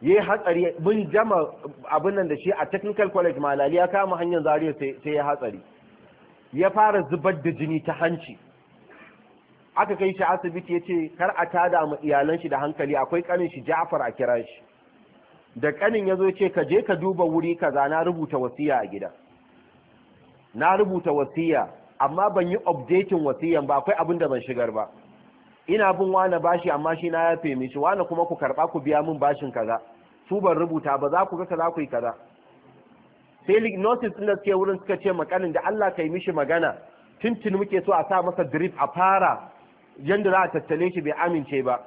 ye hatsari mun jama abin nan da shi a technical college malali ya kama hanyar zariya sai ya hatsari ya fara zubar da jini ta hanci aka kai shi asibiti ya ce kar a tada ma iyalan shi da hankali akwai kanin shi Ja'far a kira shi da kanin ya zo ce ka je ka duba wuri kaza na rubuta wasiya a gida na rubuta wasiya amma ban yi updating wasiyan ba akwai abin da ban shigar ba ina bin wani bashi amma shi na yafe shi wani kuma ku karba ku biya min bashin kaza su ban rubuta ba za ku ga kaza ku yi kaza sai lignosis din da suke wurin suka ce makanin da Allah ka mishi magana tuntun muke so a sa masa drip a fara yanda za a tattale shi bai amince ba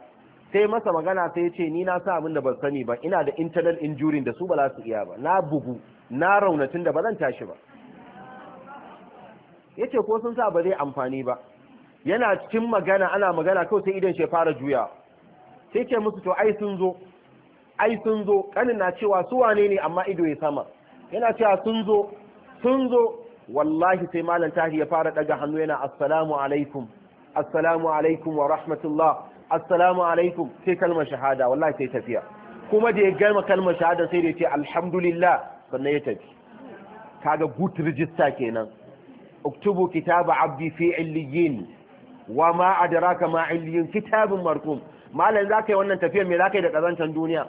sai masa magana sai ce ni na sa abin da ban sani ba ina da internal injury da su ba za su iya ba na bugu na raunatin da ba zan tashi ba yace ko sun sa ba zai amfani ba yana cikin magana ana magana kawai sai idan shi fara juya sai ce musu to ai sun zo ai sun zo kanin na cewa su wane ne amma ido ya sama yana cewa sun zo sun zo wallahi sai malam tahi ya fara daga hannu yana assalamu alaikum assalamu alaikum wa rahmatullah assalamu alaikum sai kalmar shahada wallahi sai tafiya kuma da ya gama kalmar shahada sai da ya ce alhamdulillah sannan ya tafi kaga good register kenan uktubu kitaba abdi fi illiyin wa ma adraka ma illiyin kitabun marqum malam zaka wannan tafiyar me zaka da kazantan duniya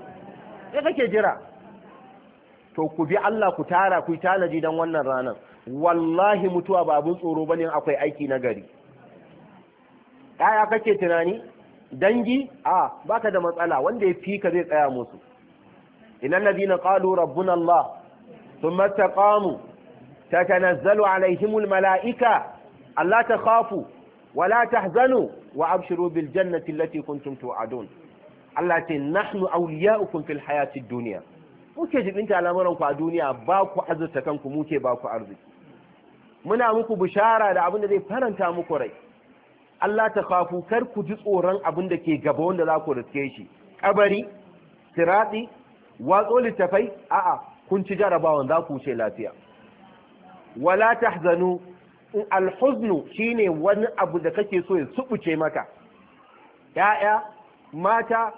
sai kake jira to ku bi Allah ku tara ku tanaji dan wannan ranar wallahi mutuwa ba abun tsoro bane akwai aiki na gari yaya kake tunani dangi a baka da matsala wanda ya fi ka zai tsaya musu ilan ladina qalu rabbuna allah thumma taqamu tatanazzalu alaihimul malaika alla takhafu wala tahzanu wa abshiru bil jannati allati kuntum tu'adun Allah ce nahnu awliya'ukum fil hayatid dunya muke jibinta al'amuran ku a duniya ba ku azurta kanku muke ba ku arziki muna muku bishara da abin da zai faranta muku rai Allah ta kafu kar ku ji tsoron abin da ke gaba wanda za ku riske shi kabari sirati watso littafai a'a kun ci jarabawan za ku ce lafiya wala tahzanu in alhuznu shine wani abu da kake so ya subuce maka ya'ya mata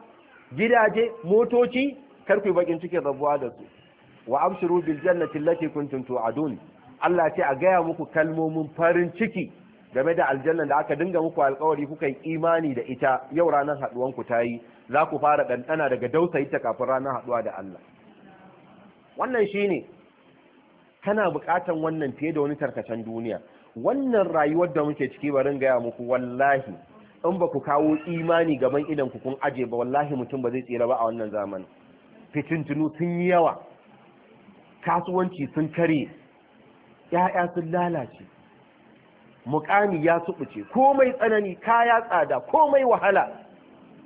gidaje motoci kar ku bakin cike rabuwa da su wa abshiru bil jannati allati kuntum tu'adun Allah ce a gaya muku kalmomin farin ciki game da aljannan da aka dinga muku alkawari kuka yi imani da ita yau ranar haɗuwanku ku yi, za ku fara ɗanɗana daga dausayi ta kafin ranar haɗuwa da Allah wannan shi ne, kana buƙatan wannan fiye da wani tarkacen duniya wannan rayuwar da muke ciki barin gaya muku wallahi in ba ku kawo imani gaban idan ku kun aje ba wallahi mutum ba zai tsira ba a wannan zamanin fitintunu sun yi yawa kasuwanci sun kare 'ya'ya sun lalace mukami ya suɓuce komai tsanani kaya tsada komai wahala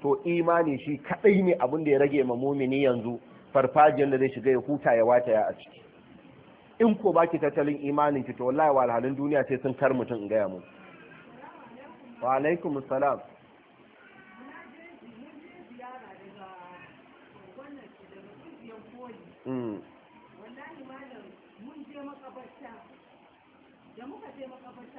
to imani shi kaɗai ne abin da ya rage ma mumini yanzu farfajiyar da zai shiga ya huta ya wataya a ciki in ko baki tattalin imanin ki to wallahi walhalin duniya sai sun kar mutum in gaya mu wa alaikum salam hmm. da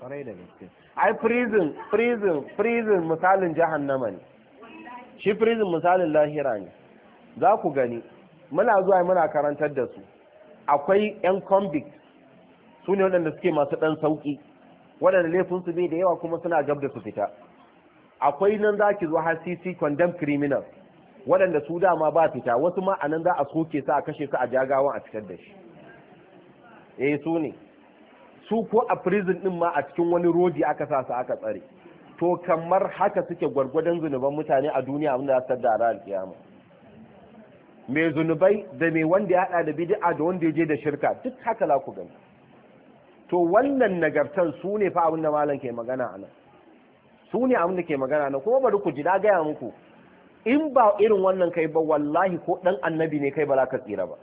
kwarai da gaske ai prison prison prison misalin jahannama ne shi prison misalin lahira ne za ku gani muna zuwa muna karantar da su akwai yan convict su ne waɗanda suke masu ɗan sauƙi waɗanda laifinsu bai da yawa kuma suna gab da su fita akwai nan za ki zo har cc condemned criminal waɗanda su dama ba fita wasu ma a nan za a soke su a kashe su a jagawan a fitar da shi eh su ne su ko a prison din ma a cikin wani rodi aka sa su aka tsare to kamar haka suke gwargwadon zunuban mutane a duniya abinda za su da ranar kiyama mai zunubai da mai wanda ya hada da bid'a da wanda ya je da shirka duk haka za ku gani to wannan nagartan su ne fa abin malam ke magana a nan su ne abin ke magana nan kuma bari ku ji na gaya muku in ba irin wannan kai ba wallahi ko dan annabi ne kai ba za ka tsira ba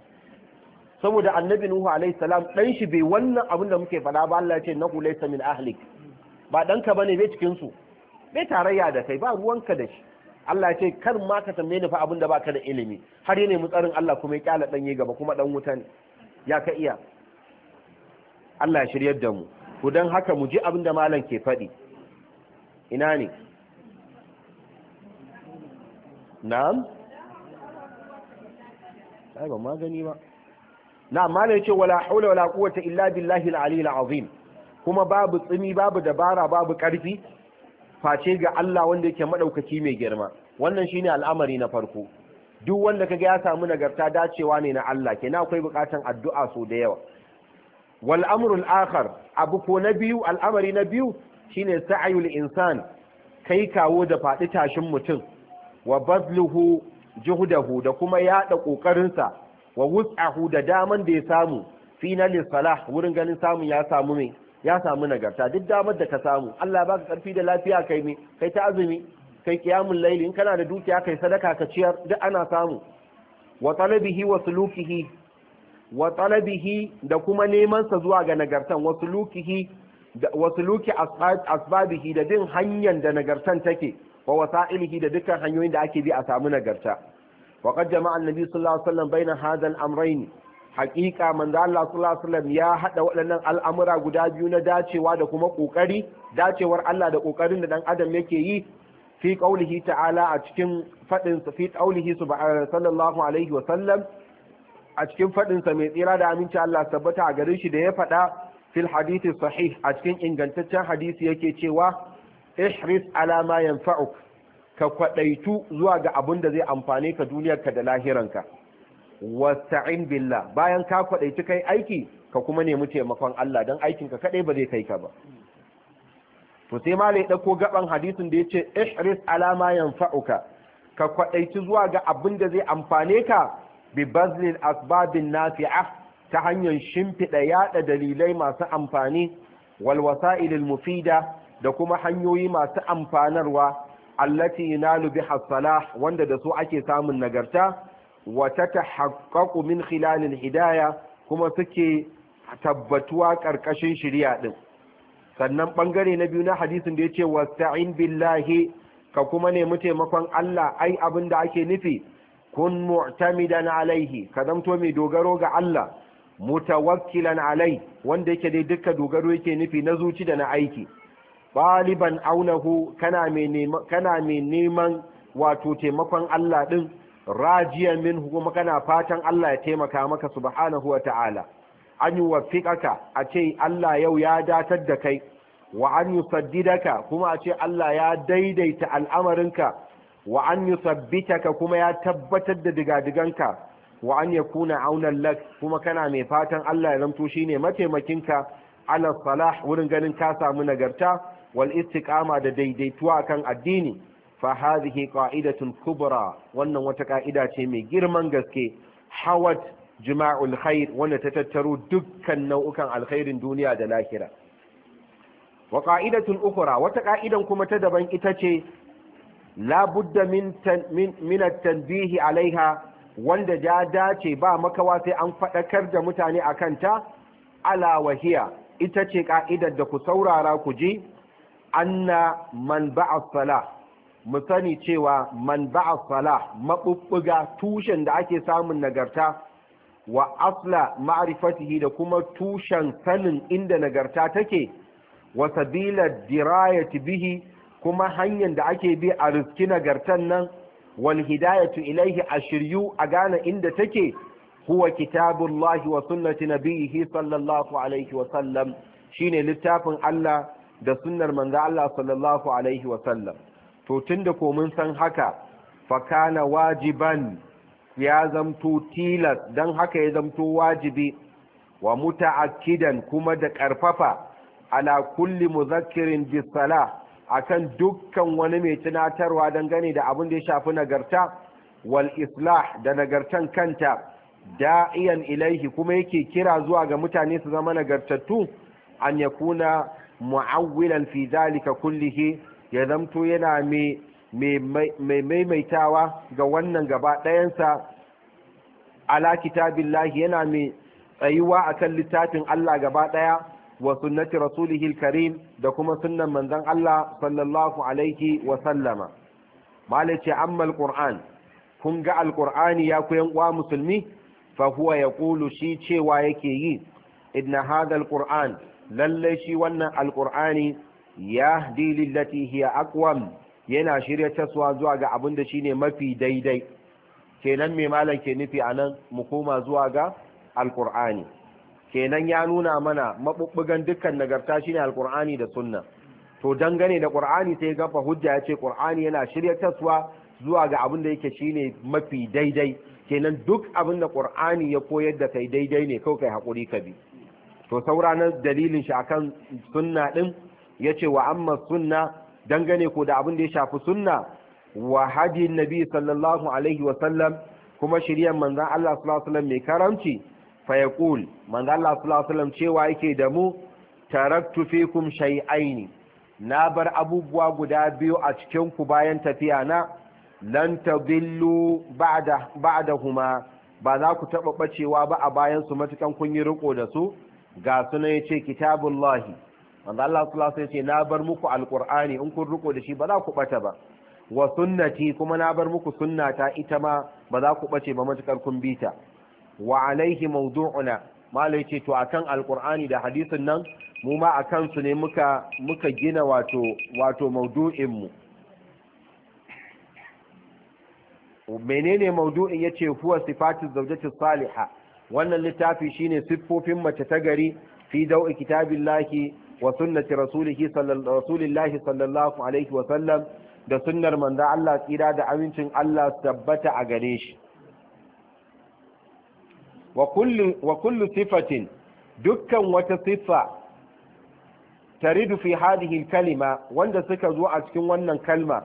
saboda annabi nuhu alaihi salam dan shi bai wannan abin da muke fada ba Allah ya ce ku laysa min ahlik ba ka bane bai cikin su bai tarayya da kai ba ruwanka da shi Allah ya ce kar ma ka tambaye ni fa abin da baka da ilimi har yana mu tsarin Allah kuma ya kyala danye gaba kuma dan wuta ne ya ka iya Allah ya shiryar da mu ku dan haka mu ji abin da malam ke faɗi ina ne na'am ai ba magani ba na amma ne ce wala haula wala quwwata illa billahi al-aliyyil azim kuma babu tsimi babu dabara babu karfi face ga Allah wanda yake madaukaki mai girma wannan shine al'amari na farko duk wanda kaga ya samu nagarta dacewa ne na Allah kenan akwai bukatan addu'a so da yawa wal amrul akhar abu ko na biyu al'amari na biyu shine sa'ayul insan kai kawo da faɗi tashin mutum wa bazluhu juhdahu da kuma yada sa wa wus'ahu da daman da ya samu fi na wurin ganin samu ya samu ya samu nagarta duk damar da ka samu Allah ya baka karfi da lafiya kai me kai ta azumi kai kiyamun layli in kana da dukiya kai sadaka ka ciyar duk ana samu wa talabihi wa sulukihi wa talabihi da kuma neman sa zuwa ga nagartan wa sulukihi wa suluki asbabihi da bin hanyar da nagartan take wa wasa'ilihi da dukkan hanyoyin da ake bi a samu nagarta وقد جمع النبي صلى الله عليه وسلم بين هذا الامرين حقيقه من ذا الله صلى الله عليه وسلم يا حدا ودنن الامر غدا بيو نه داچوا kuma kokari dacewar Allah da kokarin da dan adam yake yi fi qawlihi ta'ala a cikin faɗinsa. fi qawlihi subhanahu sallallahu alaihi wa sallam a cikin fadin mai tsira da aminci Allah tabbata a garin shi da ya faɗa fil hadith sahih a cikin ingantaccen hadisi yake cewa ihris alama ma yanfa'uk ka kwadaitu zuwa ga abin da zai amfane ka ka da lahiranka wasta'in billah bayan ka kwadaitu kai aiki ka kuma nemi taimakon Allah dan aikin ka kadai ba zai kai ka ba to sai malai lai dauko gaban hadisin da yace ihris ala ma yanfa'uka ka kwadaitu zuwa ga abun da zai amfane ka bi bazlil asbabin nafi'ah ta hanyar shimfida yada dalilai masu amfani wal wasa'ilil mufida da kuma hanyoyi masu amfanarwa allati yanalu biha salah wanda da su ake samun nagarta wa tatahaqqaqu min khilal alhidayah kuma suke tabbatuwa karkashin shari'a din sannan bangare na biyu na hadisin da yace wasta'in billahi ka kuma nemi taimakon Allah ai abin da ake nufi kun mu'tamidan alaihi ka zamto mai dogaro ga Allah mutawakkilan alai wanda yake dai duka dogaro yake nufi na zuci da na aiki ɗaliban aunahu kana mai neman wato taimakon Allah ɗin rajiya min kuma kana fatan Allah ya taimaka maka subhanahu wa ta'ala an yi wafiƙaka a ce Allah yau ya datar da kai wa an yi kuma a ce Allah ya daidaita al'amarinka wa an yi sabbitaka kuma ya tabbatar da digadiganka wa an ya kuna aunan lak kuma kana mai fatan Allah ya zamto shi ne mataimakinka ala salah wurin ganin ka samu nagarta wal istiqama da daidaituwa akan addini fa hadhihi qa'idatun kubra wannan wata ka'ida ce mai girman gaske hawat jima'ul khair wanda ta tattaro dukkan nau'ukan alkhairin duniya da lahira wa qa'idatun ukhra wata ka'idan kuma ta daban ita ce la budda min min tanbihi alaiha wanda ja dace ba makawa sai an fadakar da mutane akan ta ala wahiya ita ce ka'idar da ku saurara ku ji anna man ba'a sala mu sani cewa man ba'a sala mabubbuga tushen da ake samun nagarta wa asla ma'rifatihi da kuma tushen sanin inda nagarta take wa sabila dirayati bihi kuma hanyar da ake bi a riski nagartan nan wal hidayatu ilaihi a shiryu a gane inda take huwa kitabullahi wa sunnati nabiyhi sallallahu alaihi wa sallam shine littafin Allah da sunnar manzo Allah sallallahu alaihi wa sallam to tunda ko mun san haka fakana wajiban ya zamto tilas dan haka ya zamto wajibi wa muta'akkidan kuma da karfafa ala kulli muzakkirin bis salah akan dukkan wani mai tunatarwa dangane da abin da ya shafi nagarta wal islah da nagartan kanta da'iyan ilaihi kuma yake kira zuwa ga mutane su zama nagartattu an yakuna mu'awwilan fi zalika kullihi ya zamto yana mai maimaitawa ga wannan gaba ɗayansa ala kitabillahi yana mai tsayuwa akan littafin Allah gaba ɗaya wa sunnati rasulihil karim da kuma sunnan manzon Allah sallallahu alaihi wa sallama malace amma alquran kun ga alqur'ani ya ku yan uwa musulmi fa huwa yaqulu shi cewa yake yi inna hadha alquran Lallai shi wannan alqur'ani yahdi lillati hiya aqwam yana shirya taswa zuwa ga abin da shine mafi daidai kenan me malam ke nufi anan mu koma zuwa ga alqur'ani kenan ya nuna mana mabubbugan dukkan nagarta shine alqur'ani da sunna to dangane da ƙur'ani sai gafa hujja yace ce qur'ani yana shirya taswa zuwa ga abin da yake shine mafi daidai kenan duk abin da qur'ani ya koyar da kai daidai ne kawai kai hakuri ka bi to saura na dalilin shi akan sunna din yace wa amma sunna dangane ko da abin da ya shafi sunna wa hadin nabi sallallahu alaihi wa sallam kuma shiryan manzon Allah sallallahu alaihi wasallam mai karamci fa yaqul manzon Allah sallallahu alaihi wasallam cewa yake da mu taraktu fikum shay'aini na bar abubuwa guda biyu a cikin ku bayan tafiya na lan tadillu ba'da ba'dahuma ba za ku taba bacewa ba a bayan su matukan kun yi riko da su ga sunan ya ce kitabullahi wanda Allah lasu ya ce na bar muku alkur'ani in kun riko da shi ba za ku bata ba wa sunnati kuma na bar muku sunnata ita ma ba za ku bace ba matuƙar kun bita wa alaihi mawdu'una malai ce to akan alkur'ani da hadisin nan mu ma akan su ne muka gina wato wato mawdu'in mu menene mawdu'in yace huwa sifatu zawjati salihah wannan littafi shine siffofin mace ta gari fi dau'i kitabillahi wa sunnati rasulihi sallallahu sallallahu alaihi wa sallam da sunnar manzo Allah tsira da amincin Allah tabbata a gare shi wa kullu wa kullu sifatin dukkan wata siffa taridu fi hadhihi kalima wanda suka zo a cikin wannan kalma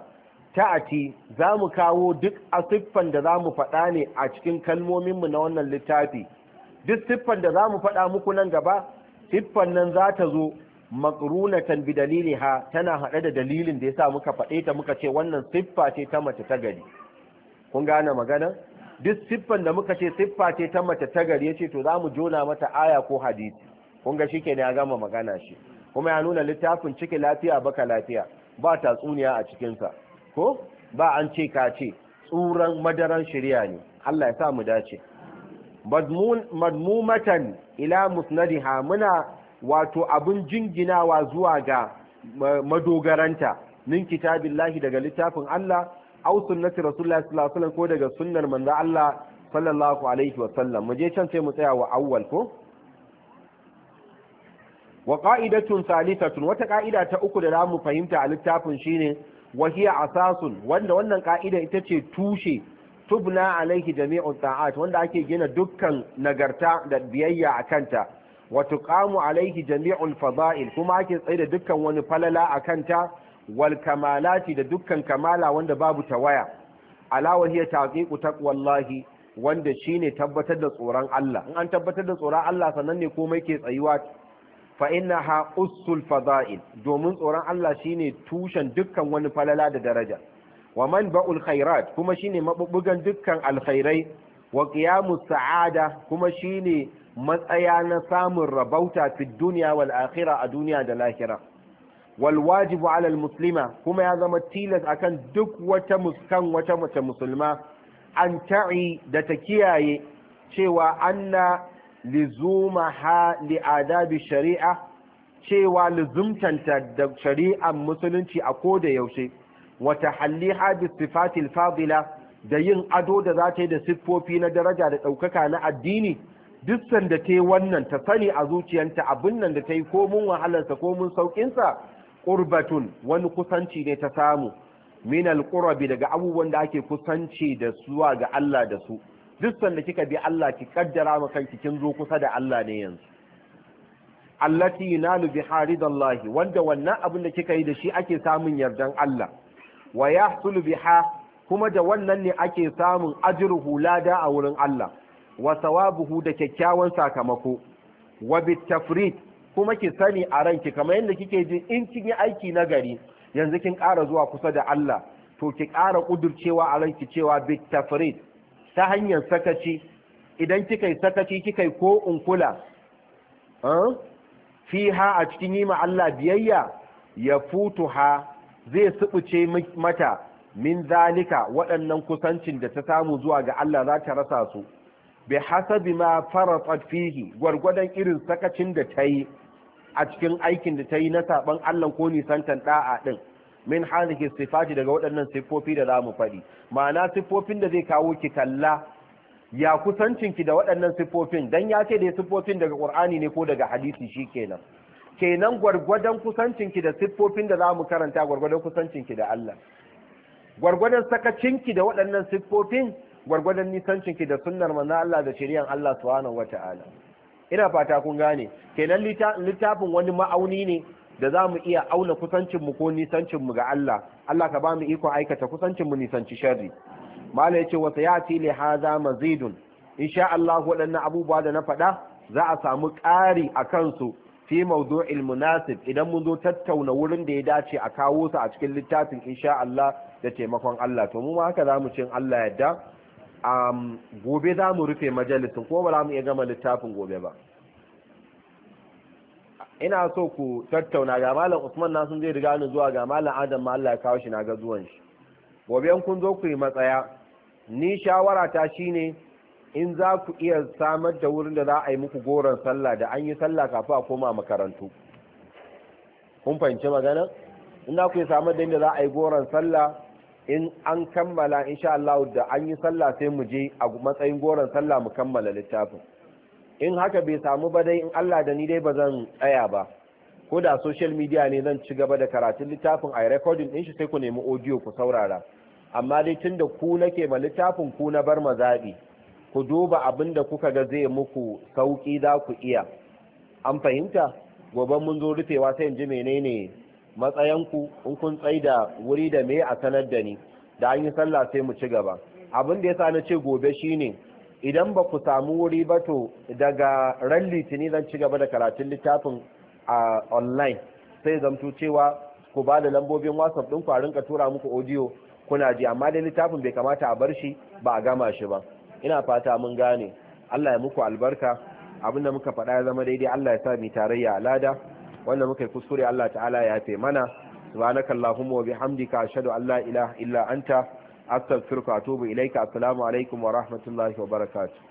ta'ati za mu kawo duk a siffan da za mu faɗa ne a cikin kalmominmu na wannan littafi duk siffan da za mu faɗa muku nan gaba siffan nan za ta zo makrunatan bi dalili ha tana haɗe da dalilin da ya sa muka faɗe ta muka ce wannan siffa ce ta mace ta gari kun gane magana duk siffan da muka ce siffa ce ta mace ta gari ya ce to za mu jona mata aya ko hadisi kun ga shike ne ya gama magana shi kuma ya nuna littafin ciki lafiya baka lafiya ba tatsuniya a cikinsa ko ba an ce ka ce tsuran madaran shirya ne Allah ya sa mu dace madmumatan ila musnadiha muna wato abin jinginawa zuwa ga madogaranta min kitabillahi daga littafin Allah aw sunnati rasulullahi sallallahu alaihi wasallam ko daga sunnar manzo Allah sallallahu alaihi wasallam mu je can sai mu tsaya wa awwal ko wa qa'idatun thalithatun wata qa'ida ta uku da zamu fahimta a littafin shine wahiya asasun wanda wannan ka'ida ita ce tushe tubna alaihi jami'u ta'at wanda ake gina dukkan nagarta da biyayya a kanta wa tuqamu alaihi jami'un fada'il kuma ake tsaida dukkan wani falala a kanta wal kamalati da dukkan kamala wanda babu tawaya ala wahiya taqiqu taqwallahi wanda shine tabbatar da tsoron Allah in an tabbatar da tsoron Allah sannan ne komai ke tsayuwa fa innaha ussul fada'il domin tsoron Allah shine tushen dukkan wani falala da daraja wa man ba'ul khairat kuma shine maɓuɓugan dukkan alkhairai wa ƙiyamu sa'ada kuma shine matsaya na samun rabauta fi duniya wal akhira a duniya da lahira wal wajibu ala muslima kuma ya zama tilas akan duk wata muskan wata mace musulma an ta'i da ta kiyaye cewa anna li li'adabi shari'a cewa lizumtanta da shari'ar musulunci a ko da yaushe wata halli hadi sifatil fadila da yin ado da za ta yi da siffofi na daraja da ɗaukaka na addini duk sanda ta yi wannan ta sani a zuciyanta abin nan da ta yi komun wahalarsa komun sauƙinsa ƙurbatun wani kusanci ne ta samu min alƙurabi daga abubuwan da ake kusanci da suwa ga Allah da su duk sanda kika bi Allah ki kaddara ma kanki kin zo kusa da Allah ne yanzu allati yanalu bi haridallahi wanda wannan abin da kika yi da shi ake samun yardan Allah wa yahsulu biha kuma da wannan ne ake samun ajruhu lada a wurin Allah wa sawabuhu da kyakkyawan sakamako wa bitafrid kuma ki sani a ranki kamar yadda kike ji in kin yi aiki na gari yanzu kin ƙara zuwa kusa da Allah to ki ƙara ƙudurcewa a ranki cewa bitafrid ta hanyar sakaci idan kika yi sakaci kika yi ko unkula fiha a cikin yi Allah biyayya ya futu ha zai subuce mata min zalika waɗannan kusancin da ta samu zuwa ga Allah za ta rasa su bi hasabi ma faratat fihi gwargwadon irin sakacin da ta yi a cikin aikin da ta yi na saban Allah ko nisantan da'a din min hadhihi sifati daga waɗannan siffofi da zamu faɗi ma'ana siffofin da zai kawo ki kalla ya kusancin ki da waɗannan siffofin dan ya ce da siffofin daga Qur'ani ne ko daga hadisi shikenan kenan gwargwadon kusancin ki da siffofin da zamu karanta gwargwadon kusancin ki da Allah gwargwadon sakacin ki da waɗannan siffofin gwargwadon nisancin ki da sunnar manzon Allah da shari'an Allah subhanahu wataala ina fata kun gane kenan littafin wani ma'auni ne da za mu iya auna kusancinmu ko nisancinmu ga Allah Allah ka ba mu iko aikata kusancinmu nisanci shari. mala ya ce wata ya ti li haza mazidun sha Allah waɗannan abubuwa da na faɗa za a samu ƙari a kansu fi ilmu munasib idan mun zo tattauna wurin da ya dace a kawo su a cikin littafin sha Allah da taimakon Allah to mu ma haka mu cin Allah yadda gobe za mu rufe majalisin ko ba za mu iya gama littafin gobe ba ina so ku tattauna ga malam Usman na sun zai riga ni zuwa ga malam Adam ma Allah ya kawo shi na ga zuwan shi gobe in kun zo ku yi matsaya ni shawara ta shine in za ku iya samar da wurin da za a yi muku goron sallah da an yi sallah kafin a koma makarantu kun fahimci magana in za ku yi samar da inda za a yi goron sallah in an kammala insha Allah da an yi sallah sai mu je a matsayin goron sallah mu kammala littafin in haka bai samu ba dai in Allah da ni dai ba zan tsaya ba ko da social media ne zan ci gaba da karatun littafin a recording din shi sai ku nemi audio ku saurara amma dai tunda ku nake ma littafin ku na bar mazabi ku duba abin da kuka ga zai muku sauki za ku iya an fahimta gobe mun zo rufewa sai in ji menene matsayanku in kun tsai da wuri da me a sanar da ni da an yi sallah sai mu ci gaba abin da ya sa na ce gobe shine idan ba ku samu wuri ba to daga ran litini zan ci gaba da karatun littafin a online sai zamto cewa ku ba da lambobin whatsapp ɗin ku a rinka tura muku audio kuna ji amma dai littafin bai kamata a bar shi ba a gama shi ba ina fata mun gane Allah ya muku albarka abin da muka faɗa ya zama daidai Allah ya sa mu tarayya alada wanda muka yi kuskure Allah ta'ala ya yafe mana subhanakallahumma wa bihamdika ashhadu an la ilaha illa anta astaghfiruka wa atubu ilaika assalamu alaikum wa rahmatullahi wa barakatuh